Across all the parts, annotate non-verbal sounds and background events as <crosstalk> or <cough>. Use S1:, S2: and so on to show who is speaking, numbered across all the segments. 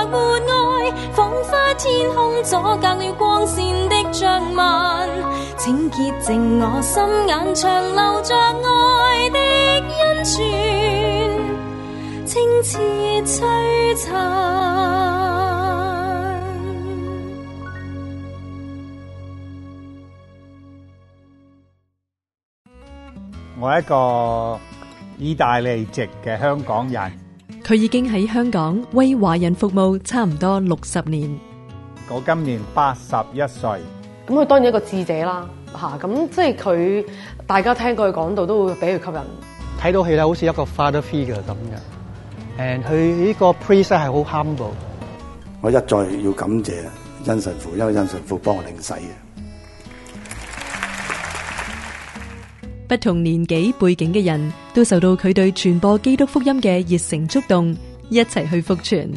S1: 我係一個
S2: 意大利籍嘅香港人。
S1: 佢已經喺香港為華人服務差唔多六十年。
S2: 我今年八十一歲。
S1: 咁佢當然一個智者啦，吓咁即係
S3: 佢大家聽過佢講道都會俾佢吸引。
S4: 睇到佢咧好似一個 father figure 咁嘅 a 佢呢個 priest 咧係好 humble。
S2: 我一再要感謝殷神父，因為殷神父幫我領洗嘅。
S1: 不同年紀背景嘅人都受到佢對傳播基督福音嘅熱誠觸動，一齊去復傳，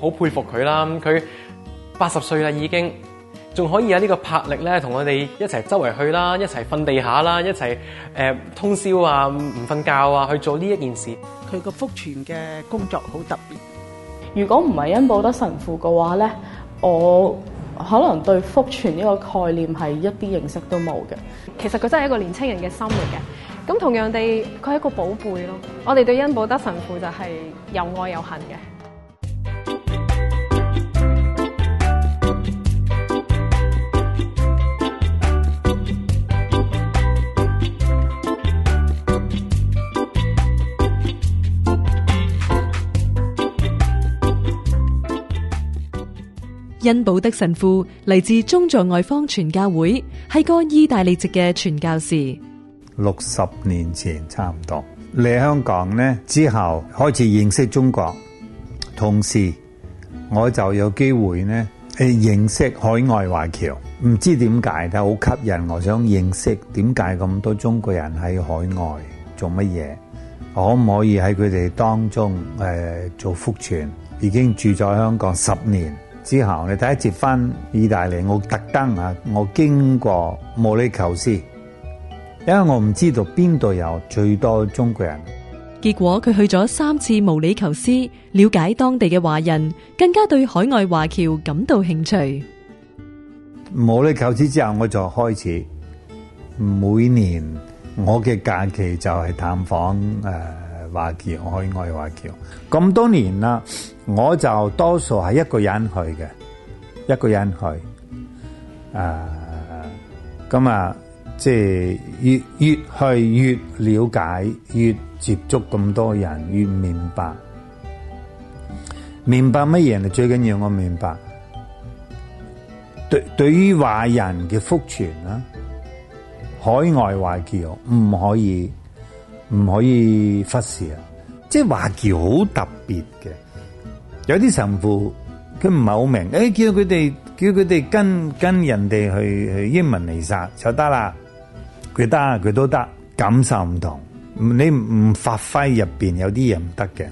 S5: 好佩服佢啦！佢八十歲啦已經了，仲可以有呢個魄力咧，同我哋一齊周圍去啦，一齊瞓地下啦，一齊誒、呃、通宵啊，唔瞓覺啊，去做呢一件事。佢個復傳嘅工作好特別。
S3: 如果唔係恩保德神父嘅話咧，我，可能對福傳呢個概念係一啲認識都冇嘅，
S6: 其實佢真係一個年青人嘅生活嘅，咁同樣地，佢係一個寶貝咯。我哋對恩保德神父就係有愛有恨嘅。
S1: 恩保德神父嚟自宗座外方傳教會，係個意大利籍嘅傳教士。
S2: 六十年前差唔多嚟香港呢，之後開始認識中國，同時我就有機會呢去認識海外華僑。唔知點解，但好吸引，我想認識點解咁多中國人喺海外做乜嘢，可唔可以喺佢哋當中誒做福傳？已經住咗香港十年。之後，你第一次翻意大利，我特登啊，我經過毛里求斯，因為我唔知道邊度有最多中國人。
S1: 結果佢去咗三次毛里求斯，了解當地嘅華人，更加對海外華僑感到興趣。
S2: 毛里求斯之後，我就開始每年我嘅假期就係探訪華僑，海外華僑。咁多年啦，我就多數係一個人去嘅，一個人去。誒、啊，咁啊，即係越越去越了解，越接觸咁多人，越明白。明白乜嘢？最緊要我明白，對對於華人嘅福傳啦，海外華僑唔可以。唔可以忽視啊！即係華僑好特別嘅，有啲神父佢唔係好明，誒、哎，叫佢哋叫佢哋跟跟人哋去去英文彌撒就得啦，佢得佢都得，感受唔同，你唔發揮入邊有啲嘢唔得嘅。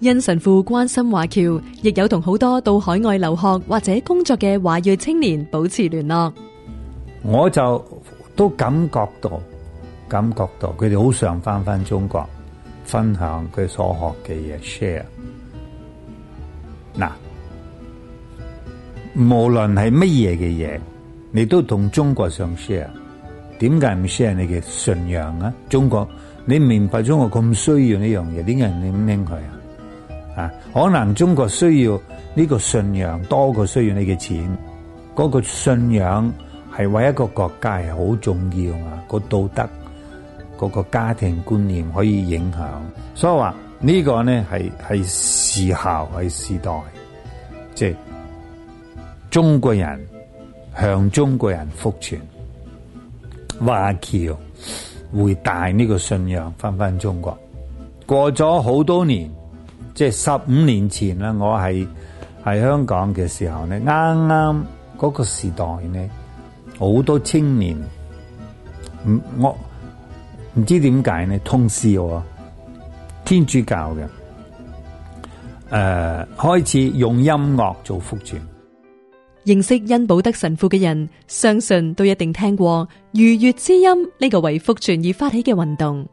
S1: 因神父關心華僑，亦有同好多到海外留學或者工作嘅華裔青年保持聯絡。
S2: 我就都感覺到。感覺到佢哋好想返返中國分享佢所學嘅嘢 share。嗱，無論係乜嘢嘅嘢，你都同中國上 share。點解唔 share 你嘅信仰啊？中國，你明白中國咁需要呢樣嘢，點解人哋拎佢啊？啊，可能中國需要呢個信仰多過需要你嘅錢。嗰個信仰係為一個國家係好重要啊，個道德。嗰個家庭觀念可以影響，所以話呢個呢係係時效係時代，即係中國人向中國人復傳，華僑會帶呢個信仰翻翻中國。過咗好多年，即係十五年前啦，我係喺香港嘅時候呢，啱啱嗰個時代呢，好多青年唔我。唔知點解呢？通宵師天主教嘅，誒、呃，開始用音樂做福傳。
S1: 認識恩保德神父嘅人，相信都一定聽過愉悅之音呢，這個為福傳而發起嘅運動。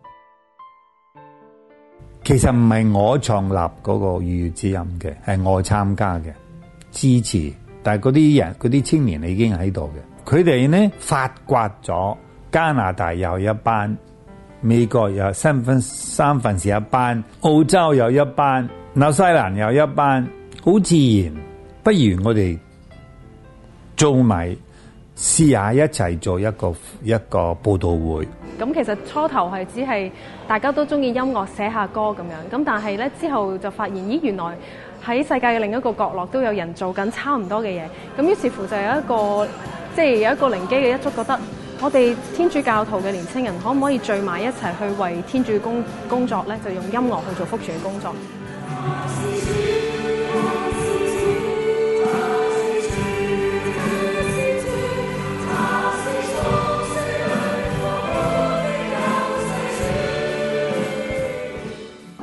S2: 其實唔係我創立嗰個愉悅之音嘅，係我參加嘅支持，但係嗰啲人，嗰啲青年已經喺度嘅。佢哋呢發掘咗加拿大有一班。美國有三分三分時一班，澳洲有一班，紐西蘭有一班，好自然。不如我哋做埋試下一齊做一個一個報道會。
S6: 咁其實初頭係只係大家都中意音樂，寫下歌咁樣。咁但係咧之後就發現，咦原來喺世界嘅另一個角落都有人做緊差唔多嘅嘢。咁於是乎就係一個、就係、有一個即係有一個靈機嘅一觸，覺得。我哋天主教徒嘅年青人，可唔可以聚埋一齊去為天主工工作咧？就用音樂去做福傳嘅工作。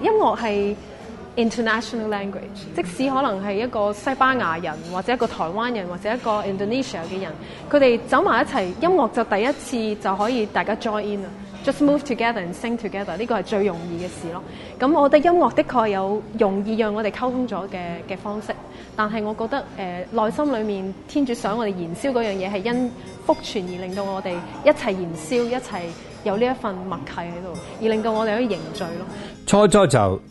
S6: 音樂係。International language，即使可能係一個西班牙人，或者一個台灣人，或者一個 Indonesia 嘅人，佢哋走埋一齊，音樂就第一次就可以大家 join in just move together，and sing together，呢個係最容易嘅事咯。咁我覺得音樂的確有容易讓我哋溝通咗嘅嘅方式，但係我覺得誒、呃、內心裏面天主想我哋燃燒嗰樣嘢係因福傳而令到我哋一齊燃燒，一齊有呢一份默契喺度，而令到我哋可以凝聚咯。
S2: 初初就。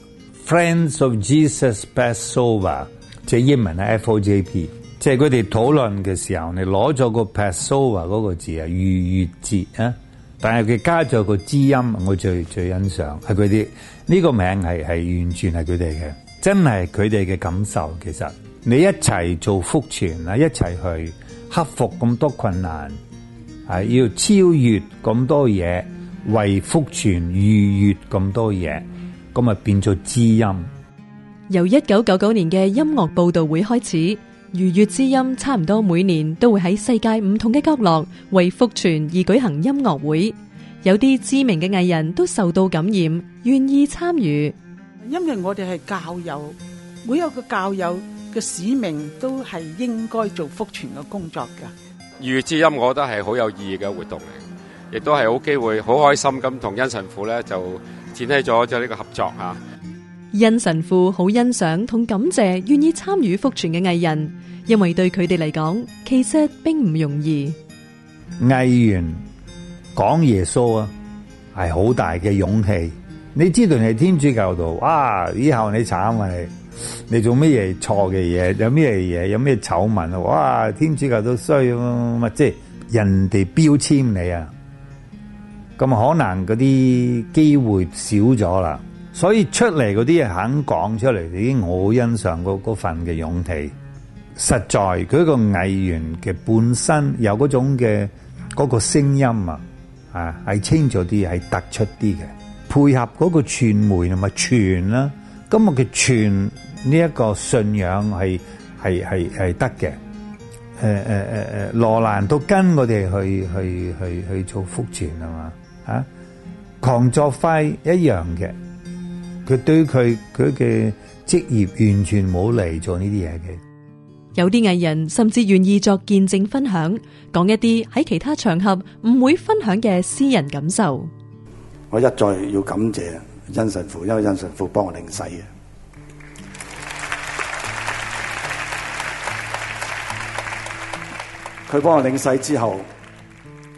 S2: Friends of Jesus Passover，即係英文啊，F O J P，即係佢哋討論嘅時候，你攞咗個 Passover 嗰個字啊，逾越節啊，但係佢加咗個知音，我最最欣賞係佢啲，呢、這個名係係完全係佢哋嘅，真係佢哋嘅感受。其實你一齊做福傳啊，一齊去克服咁多困難啊，要超越咁多嘢，為福傳逾越咁多嘢。咁咪變做知音。
S1: 由一九九九年嘅音樂報道會開始，如悅之音差唔多每年都會喺世界唔同嘅角落為福傳而舉行音樂會。有啲知名嘅藝人都受到感染，願意參與。
S5: 因為我哋係教友，每一個教友嘅使命都係應該做福傳嘅工作㗎。如
S1: 悅之音，我覺得係好有意義嘅活動嚟，亦都係好機會，好開心咁同恩神父咧就。展開咗就呢個合作啊！恩神父好欣賞同感謝願意參與福傳嘅藝人，因為對佢哋嚟講，其實並唔容易。
S2: 藝員講耶穌啊，係好大嘅勇氣。你知道你係天主教徒啊，以後你慘啊，你做咩嘢錯嘅嘢，有咩嘢嘢，有咩醜聞啊！哇！天主教都衰，啊，即係人哋標籤你啊。咁可能嗰啲機會少咗啦，所以出嚟嗰啲肯講出嚟，已經我好欣賞嗰份嘅勇氣。實在佢個藝員嘅本身有嗰種嘅嗰個聲音啊，啊係清楚啲，係突出啲嘅，配合嗰個傳媒同埋傳啦。今日嘅傳呢一個信仰係係係係得嘅。誒誒誒誒，羅蘭都跟我哋去去去去做福傳係嘛？啊！狂作廢一樣嘅，佢對佢佢嘅職業完全冇嚟做呢啲嘢嘅。
S1: 有啲藝人甚至願意作見證分享，講一啲喺其他場合唔會分享嘅私人感受。
S2: 我一再要感謝殷神父，因為殷神父幫我領洗嘅，
S4: 佢幫我領洗之後。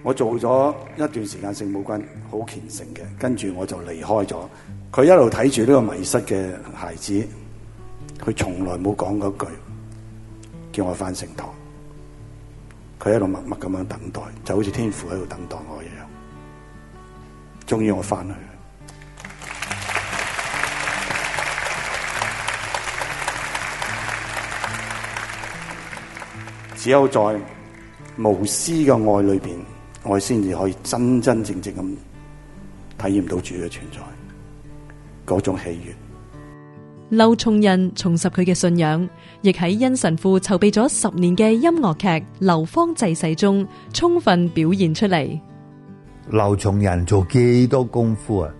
S4: 我做咗一段時間聖母軍，好虔誠嘅，跟住我就離開咗。佢一路睇住呢個迷失嘅
S2: 孩子，佢從來冇講過句叫我翻聖堂。佢一路默默咁樣等待，就好似天父喺度等待我一樣。終於我翻去了， <laughs> 只有在無私嘅愛裏邊。我先至可以真真正正咁體驗到主嘅存在，嗰種喜悦。
S1: 劉松仁重拾佢嘅信仰，亦喺殷神父籌備咗十年嘅音樂劇《流芳濟世》中，充分表現出嚟。
S2: 劉松仁做幾多少功夫啊？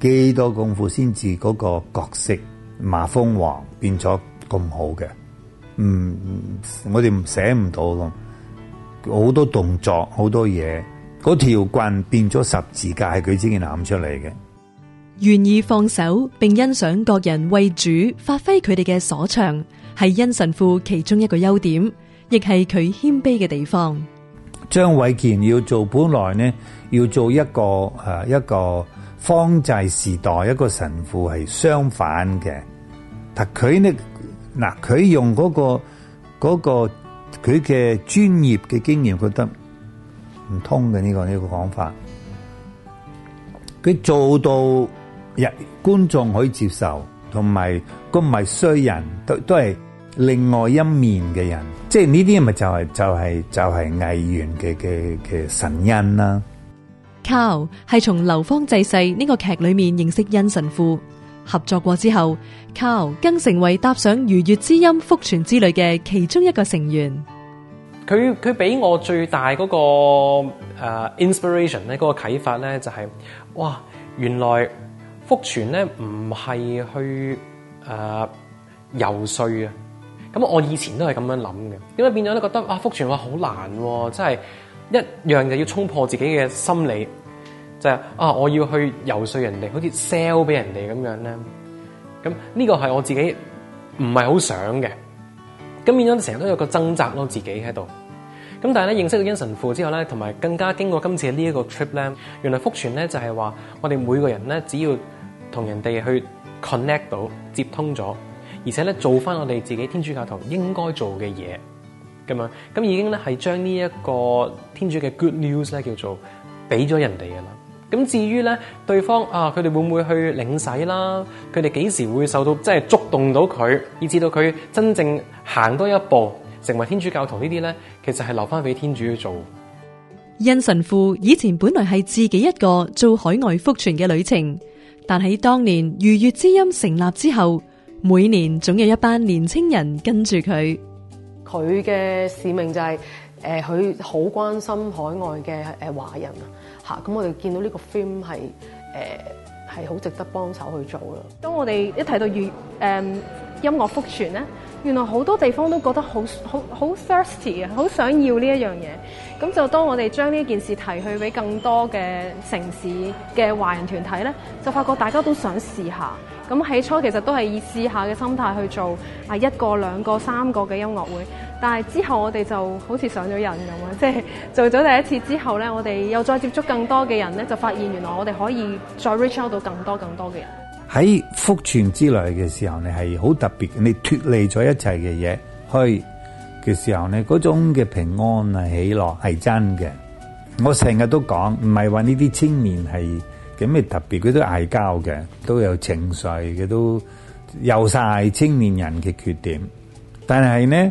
S2: 幾多少功夫先至嗰個角色麻風王變咗咁好嘅？嗯，我哋唔寫唔到咯。好多動作，好多嘢，嗰條棍變咗十字架，係佢先至諗出嚟嘅。
S1: 願意放手並欣賞各人為主發揮佢哋嘅所長，係恩神父其中一個優點，亦係佢謙卑嘅地方。
S2: 張偉健要做本來呢，要做一個誒、啊、一個方濟時代一個神父係相反嘅，但佢呢，嗱佢用嗰個嗰個佢嘅專業嘅經驗覺得唔通嘅呢個呢個講法，佢做到日觀眾可以接受，同埋都唔係衰人，都都係另外一面嘅人，即係呢啲咪就係就係就係藝員嘅嘅嘅神恩啦。
S1: 靠，係從《流芳濟世》呢個劇裏面認識恩神父。合作過之後，Carl 更成為搭上愉悅之音福傳之旅嘅其中一個成員。
S5: 佢佢俾我最大嗰、那個誒、uh, inspiration 咧，嗰個啟發咧就係、是，哇，原來福傳咧唔係去誒、uh, 遊說啊。咁我以前都係咁樣諗嘅，咁啊變咗咧覺得啊福傳話好難、哦，真係一樣就要衝破自己嘅心理。就係啊！我要去游説人哋，好似 sell 俾人哋咁樣咧。咁呢個係我自己唔係好想嘅。咁變咗成日都有個掙扎咯，自己喺度。咁但係咧，認識到恩神父之後咧，同埋更加經過今次呢一個 trip 咧，原來福傳咧就係話，我哋每個人咧只要同人哋去 connect 到接通咗，而且咧做翻我哋自己天主教徒應該做嘅嘢咁樣，咁已經咧係將呢一個天主嘅 good news 咧叫做俾咗人哋噶啦。咁至於咧，對方啊，佢哋會唔會去領洗啦？佢哋幾時會受到即係觸動到佢，以至到佢真正行多一步，成為天主教徒這些呢啲咧，其實係留翻俾天主去做。
S1: 恩神父以前本來係自己一個做海外福傳嘅旅程，但喺當年逾越之音成立之後，每年總有一班年青人跟住佢。
S3: 佢嘅使命就係、是、誒，佢、呃、好關心海外嘅誒華人。咁我哋見到呢個 film 係誒係好值得幫手去做咯。
S6: 當我哋一提到粵誒、呃、音樂福傳咧，原來好多地方都覺得好好好 thirsty 啊，好想要呢一樣嘢。咁就當我哋將呢件事提去俾更多嘅城市嘅華人團體咧，就發覺大家都想試下。咁起初其實都係以試下嘅心態去做啊，一個兩個三個嘅音樂會。但係之後我哋就好似上咗癮咁啊！即係做咗第一次之後咧，我哋又再接觸更多嘅人咧，就發現原來我哋可以再 reach out 到更多更多
S2: 嘅人。喺福傳之類嘅時候你係好特別，你脫離咗一切嘅嘢去嘅時候咧，嗰種嘅平安啊、喜樂係真嘅。我成日都講，唔係話呢啲青年係咁嘅特別的，佢都嗌交嘅，都有情緒嘅，都有晒青年人嘅缺點。但係咧。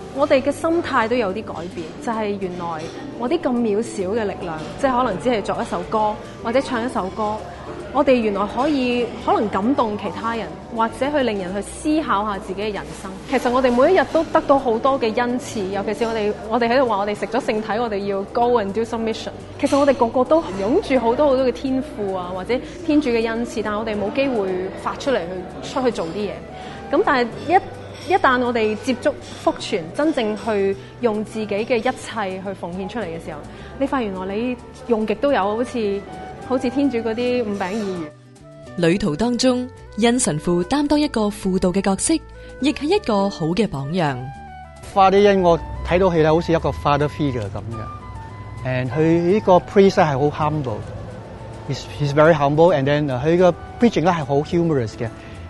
S6: 我哋嘅心態都有啲改變，就係原來我啲咁渺小嘅力量，即係可能只係作一首歌或者唱一首歌，我哋原來可以可能感動其他人，或者去令人去思考下自己嘅人生。其實我哋每一日都得到好多嘅恩賜，尤其是我哋我哋喺度話我哋食咗聖體，我哋要 go and do some mission。其實我哋個個都擁住好多好多嘅天賦啊，或者天主嘅恩賜，但我哋冇機會發出嚟去出去做啲嘢。咁但係一一旦我哋接觸福傳，真正去用自己嘅一切去奉獻出嚟嘅時候，你發現原來你用極都有，好似好似天主嗰啲五餅二魚。
S1: 旅途當中，恩神父擔當一個輔導嘅角色，亦係一個好嘅榜樣。
S4: Father 恩我睇到佢咧，好似一個 Father figure 咁嘅 and 佢呢個 priest 咧係好 humble he's very humble，and He humble. then 佢一個 preaching 咧係好 humorous 嘅。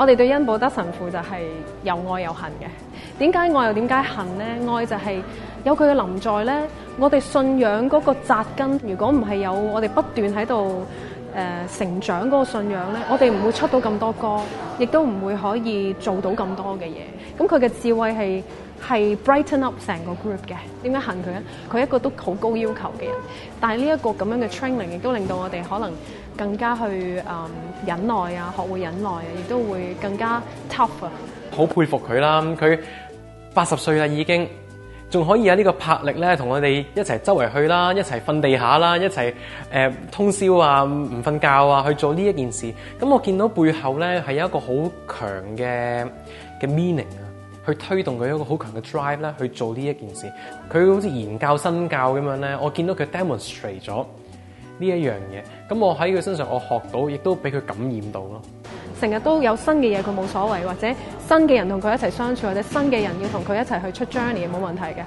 S6: 我哋對恩保德神父就係又愛又恨嘅。點解愛又點解恨呢？愛就係有佢嘅臨在呢，我哋信仰嗰個扎根，如果唔係有我哋不斷喺度誒成長嗰個信仰呢，我哋唔會出到咁多歌，亦都唔會可以做到咁多嘅嘢。咁佢嘅智慧係係 brighten up 成個 group 嘅。點解恨佢呢？佢係一個都好高要求嘅人，但係呢一個咁樣嘅 training 亦都令到我哋可能。更加去、嗯、忍耐啊，學會忍耐，亦都會更加 tough
S5: 啊！好佩服佢啦！佢八十歲啦，已經仲可以有呢個魄力咧，同我哋一齊周圍去啦，一齊瞓地下啦，一齊誒、呃、通宵啊，唔瞓覺啊，去做呢一件事。咁我見到背後咧係有一個好強嘅嘅 meaning 啊，去推動佢一個好強嘅 drive 咧去做呢一件事。佢好似言教身教咁樣咧，我見到佢 demonstrate 咗。呢一樣嘢，噉我喺佢身上，我學到，亦都俾佢感染到咯。
S6: 成日都有新嘅嘢，佢冇所謂，或者新嘅人同佢一齊相處，或者新嘅人要同佢一齊去出 journey，冇問題嘅。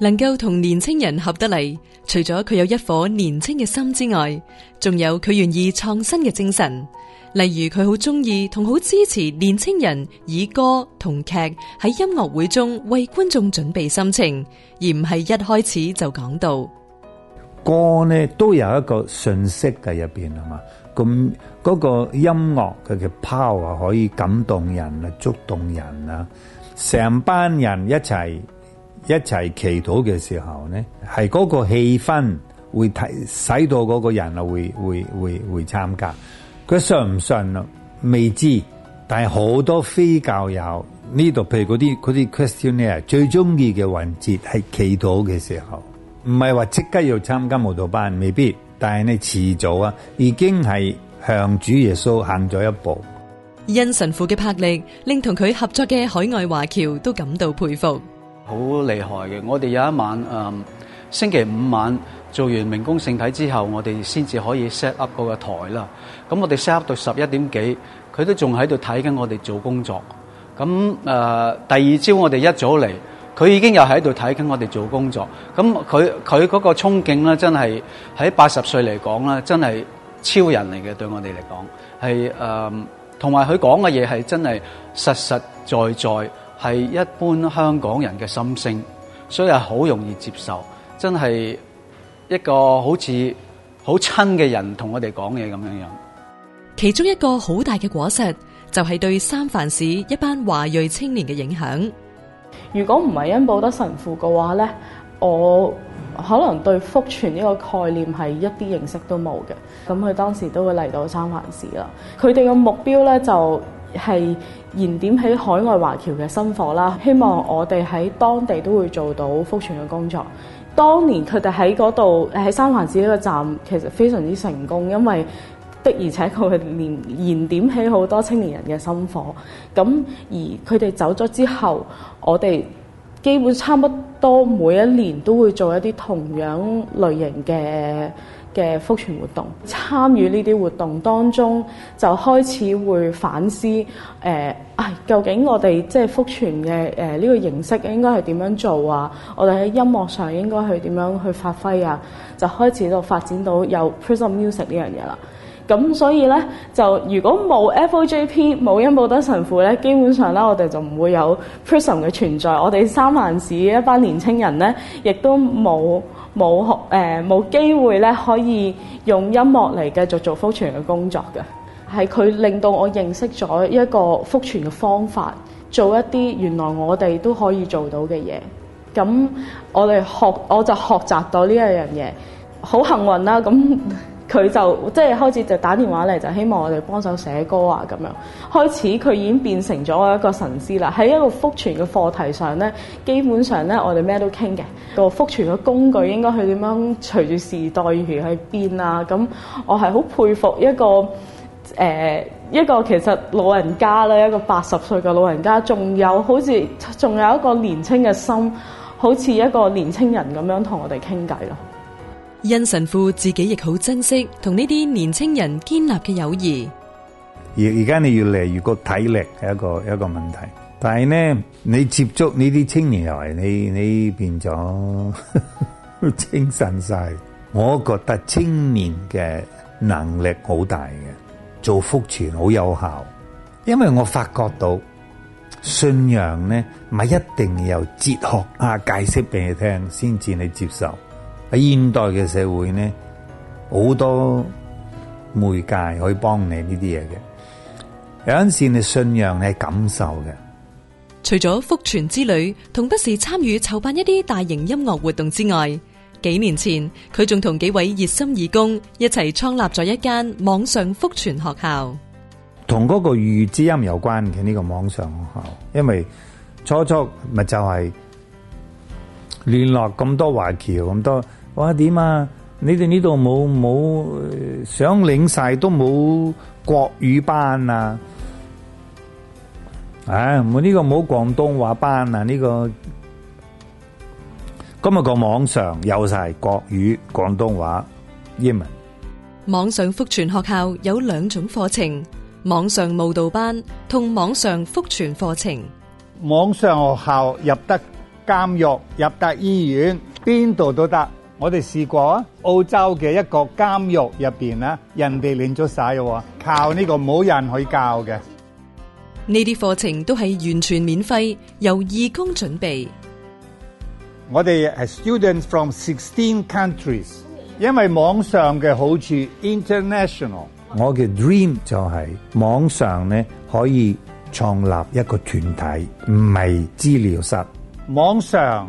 S1: 能夠同年青人合得嚟，除咗佢有一顆年青嘅心之外，仲有佢願意創新嘅精神。例如佢好鍾意同好支持年青人以歌同劇喺音樂會中為觀眾準備心情，而唔係一開始就講道。
S2: 歌咧，都有一個信息嘅入邊係嘛，咁嗰個音樂佢嘅 power 可以感動人啊，觸動人啊，成班人一齊一齊祈禱嘅時候咧，係嗰個氣氛會睇使到嗰個人啊會會會會參加，佢信唔信咯未知，但係好多非教友呢度譬如嗰啲嗰啲 questionnaire 最中意嘅環節係祈禱嘅時候。唔係話即刻要參加舞蹈班未必，但係你遲早啊，已經係向主耶穌行咗一步了。
S1: 恩神父嘅魄力，令同佢合作嘅海外華僑都感到佩服。好
S4: 厲害嘅！我哋有一晚、呃、星期五晚做完明供聖體之後，我哋先至可以 set up 個台啦。咁我哋 set up 到十一點幾，佢都仲喺度睇緊我哋做工作。咁誒、呃，第二朝我哋一早嚟。佢已經又喺度睇緊我哋做工作，咁佢佢嗰個憧憬咧，真係喺八十歲嚟講咧，真係超人嚟嘅，對我哋嚟講係誒，同埋佢講嘅嘢係真係實實在在，係一般香港人嘅心聲，所以係好容易接受，真係一個好似好親嘅人同我哋講嘢咁樣樣。
S1: 其中一個好大嘅果實，就係對三藩市一班華裔青年嘅影響。
S3: 如果唔係恩保德神父嘅話呢，我可能對福傳呢個概念係一啲認識都冇嘅。咁佢當時都會嚟到三環市啦。佢哋嘅目標呢，就係燃點起海外華僑嘅薪火啦。希望我哋喺當地都會做到福傳嘅工作。當年佢哋喺嗰度喺三環市呢個站其實非常之成功，因為的，而且佢會燃燃點起好多青年人嘅心火。咁而佢哋走咗之後，我哋基本差不多每一年都會做一啲同樣類型嘅嘅復傳活動，參與呢啲活動當中，就開始會反思誒，啊、哎，究竟我哋即係復傳嘅誒呢個形式應該係點樣做啊？我哋喺音樂上應該去點樣去發揮啊？就開始到發展到有 prism music 呢樣嘢啦。咁所以咧，就如果冇 FOJP 冇因布德神父咧，基本上咧我哋就唔會有 Prism 嘅存在。我哋三環市一班年青人咧，亦都冇冇學誒冇機會咧，可以用音樂嚟繼續做福傳嘅工作嘅。係佢令到我認識咗一個福傳嘅方法，做一啲原來我哋都可以做到嘅嘢。咁我哋學我就學習到呢一樣嘢，好幸運啦！咁。佢就即係開始就打電話嚟，就希望我哋幫手寫歌啊咁樣。開始佢已經變成咗我一個神師啦，喺一個福傳嘅課題上咧，基本上咧我哋咩都傾嘅。個福傳嘅工具應該去點樣隨住時代而去變啊？咁、嗯、我係好佩服一個誒、呃、一個其實老人家啦，一個八十歲嘅老人家，仲有好似仲有一個年輕嘅心，好似一個年輕人咁樣同我哋傾偈咯。
S1: 印神父自己亦好珍惜同呢啲年青人建立嘅友誼。
S2: 而而家你越嚟越覺體力係一個一個問題，但係呢，你接觸呢啲青年來，你你變咗精神晒。我覺得青年嘅能力好大嘅，做福傳好有效，因為我發覺到信仰呢唔係一定要由哲學啊解釋俾你聽先至你接受。喺現代嘅社會呢好多媒介可以幫你呢啲嘢嘅。有陣時你信仰係感受嘅。除咗福傳
S1: 之旅，同不時參與籌辦一啲大型音樂活動之外，幾年前佢仲同幾位熱心義工一齊創立咗一間網上福傳學校。
S2: 同嗰個粵語之音有關嘅呢個網上學校，因為初初咪就係聯絡咁多華僑咁多。我點啊？你哋呢度冇冇想領晒都冇國語班啊？啊，我、這、呢個冇廣東話班啊，呢、這個今日個網上有晒國語、廣東話、英文。
S1: 網上福傳學校有兩種課程：網上慕道班同網上福傳課程。
S2: 網上學校入得監獄，入得醫院，邊度都得。我哋試過啊，澳洲嘅一個監獄入邊咧，人哋練咗晒，喎，靠呢個冇人去教嘅。
S1: 呢啲課程都係完全免費，由義工準備。
S2: 我哋係 students from sixteen countries，因為網上嘅好處 international。我嘅 dream 就係網上咧可以創立一個團體，唔係資料室。網上。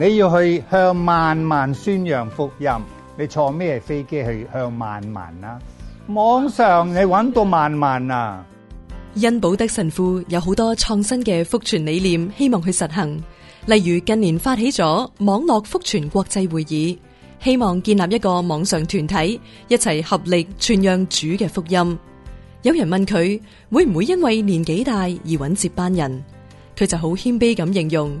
S2: 你要去向萬萬宣揚福音，你坐咩飛機去向萬萬啊？網上你揾到萬萬啊？
S1: 恩保德神父有好多創新嘅福傳理念，希望去實行。例如近年發起咗網絡福傳國際會議，希望建立一個網上團體，一齊合力傳揚主嘅福音。有人問佢會唔會因為年紀大而揾接班人，佢就好謙卑咁形容。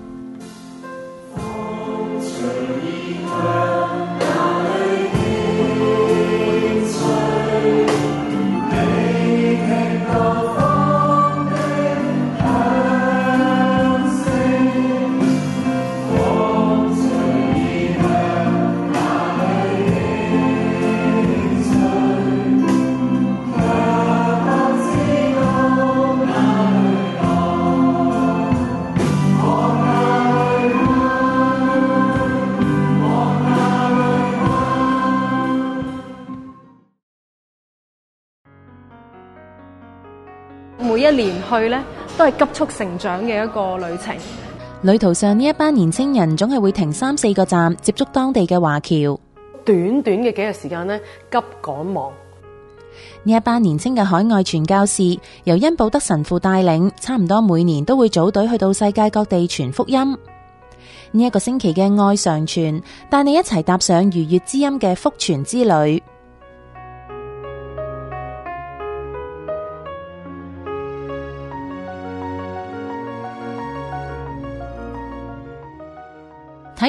S6: 去呢都係急速成長嘅一個旅程。
S1: 旅途上呢，一班年輕人總係會停三四個站，接觸當地嘅華僑。
S6: 短短嘅幾日時間呢，
S3: 急趕忙。
S1: 呢一班年輕嘅海外傳教士由恩保德神父帶領，差唔多每年都會組隊去到世界各地傳福音。呢、這、一個星期嘅愛上傳，帶你一齊踏上如月之音嘅福傳之旅。